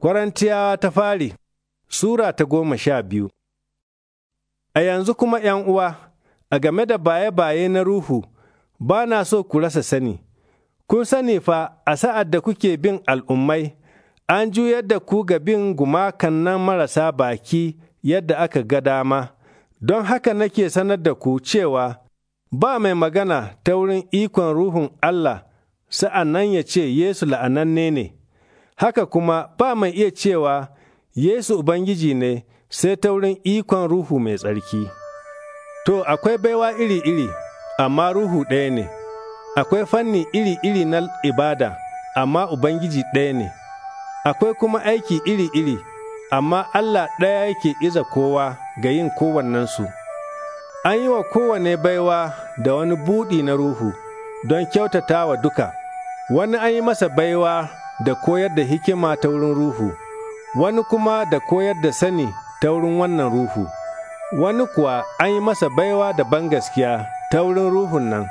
Korintiyawa ta fari Sura ta goma sha biyu A yanzu kuma ’yan uwa, a game da baye-baye na Ruhu, ba na so ku rasa sani, kun sani fa a sa'ad da kuke bin al'ummai, an juyar da ku ga bin gumakan nan marasa baki yadda aka ga dama, don haka nake sanar da ku cewa ba mai magana ta wurin ikon Ruhun Allah, sa'an nan ya ce Yesu la'ananne ne. haka kuma ba mai iya cewa Yesu Ubangiji ne sai ta wurin ikon Ruhu mai tsarki. To, akwai baiwa iri-iri, amma Ruhu ɗaya ne, akwai fanni iri-iri na ibada, amma Ubangiji ɗaya ne, akwai kuma aiki iri-iri, amma Allah ɗaya yake iza kowa ga yin kowannensu. An yi wa kowane baiwa da wani buɗi na Ruhu don kyautata wa duka, wani an yi masa baiwa da koyar da hikima ta wurin ruhu, wani kuma da koyar da sani ta wurin wannan ruhu, wani kuwa an yi masa baiwa da bangaskiya ta wurin ruhun nan,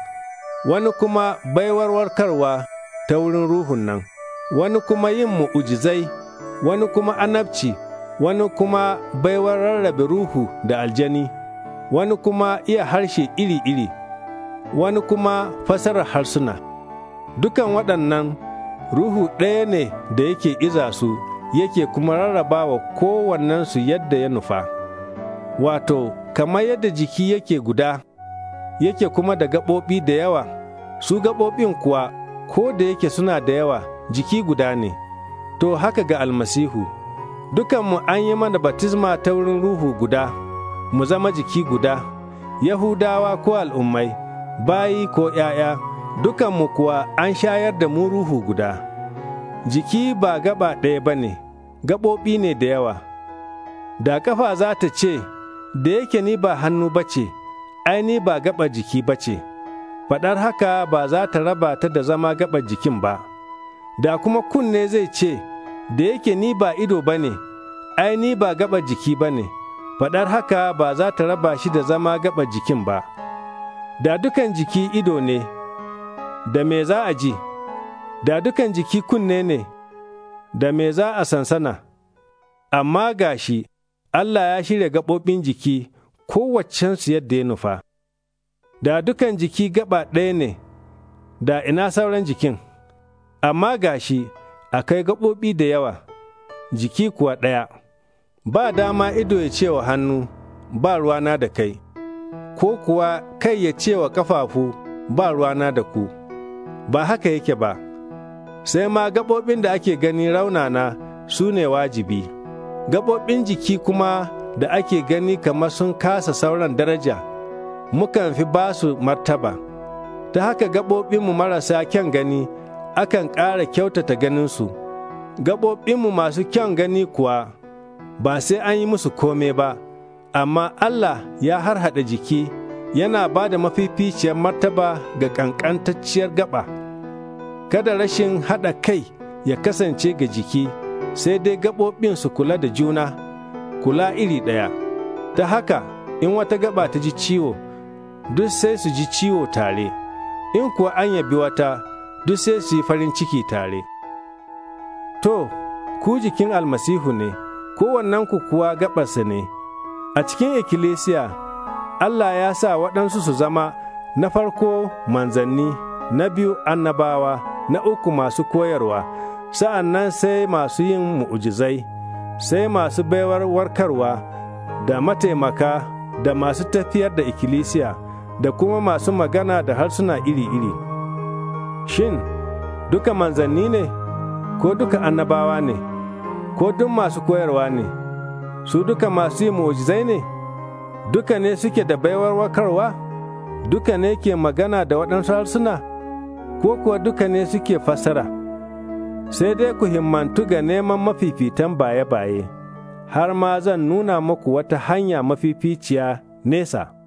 wani kuma baiwar warkarwa ta wurin ruhun nan, wani kuma yin mu'ujizai, wani kuma anabci, wani kuma baiwar rarrabe ruhu da aljani, wani kuma iya harshe iri-iri, wani kuma fasarar harsuna. Dukan waɗannan ruhu ɗaya ne da yake iza su yake kuma rarraba wa kowannensu yadda ya nufa wato kamar yadda jiki yake guda yake kuma da gaɓoɓi da yawa su gaɓoɓin kuwa ko da yake suna da yawa jiki guda ne to haka ga almasihu dukanmu an yi mana batisma ta wurin ruhu guda mu zama jiki guda yahudawa ko al'ummai bayi ko ‘ya'ya dukanmu kuwa an shayar da mu ruhu guda, jiki ba gaba ɗaya ba ne, gaɓoɓi ne da yawa. Da ƙafa za ta ce, da yake ni ba hannu ba ce, ai ni ba gaɓa jiki ba ce, faɗar haka ba za ta raba ta da zama gaɓa jikin ba. Da kuma kunne zai ce, da yake ni ba ido ba ne, ai ni ba gaɓa jiki ba ne, faɗar haka ba za ta raba shi da zama gaɓa jikin ba. Da dukan jiki ido ne, da me za a ji, da dukan jiki kunne ne, da me za a sansana, amma gashi Allah ya shirya gaɓoɓin jiki kowaccensu yadda ya nufa, da dukan jiki gaba ɗaya ne, da ina sauran jikin, amma gashi akai gaɓoɓi da yawa, jiki kuwa ɗaya, ba dama ido ya ce wa hannu, ba ruwana da kai, ko kuwa kai ya ce wa ƙafafu, ba ruwana da ku. ba haka yake ba, sai ma gaɓoɓin da ake gani raunana su ne wajibi, gaɓoɓin jiki kuma da ake gani kamar sun kasa sauran daraja, mukan fi ba su martaba. Ta haka gaɓoɓinmu marasa kyan gani akan ƙara kyautata ganinsu, gaɓoɓinmu masu kyan gani kuwa ba sai an yi musu kome ba, amma Allah ya harhaɗa jiki. yana ba da mafificiyar martaba ga ƙanƙantacciyar gaba. Kada rashin haɗa kai ya kasance ga jiki, sai dai gaɓoɓin su kula da juna, kula iri ɗaya. Ta haka, in wata gaba ta ji ciwo, duk sai su ji ciwo tare, in kuwa an yabi wata, duk sai su yi farin ciki tare. To, ku jikin almasihu ne, kowannenku kuwa gaɓarsa ne. A cikin ikkilisiya, Allah ya sa waɗansu su zama na farko manzanni, na biyu annabawa, na uku masu koyarwa, sa'an nan sai masu yin mu'ujizai, sai masu baiwar warkarwa, da mataimaka, da masu tafiyar da ikkilisiya, da kuma masu magana da harsuna iri-iri. Shin, duka manzanni ne, ko duka annabawa ne, ko duk masu koyarwa ne, su duka masu yin mu'ujizai ne? duka ne suke da baiwar wakarwa, duka ne ke magana da waɗansu harsuna, ko kuwa duka ne suke fasara. Sai dai ku himmantu ga neman mafifitan baye-baye, har ma zan nuna muku wata hanya mafificiya nesa.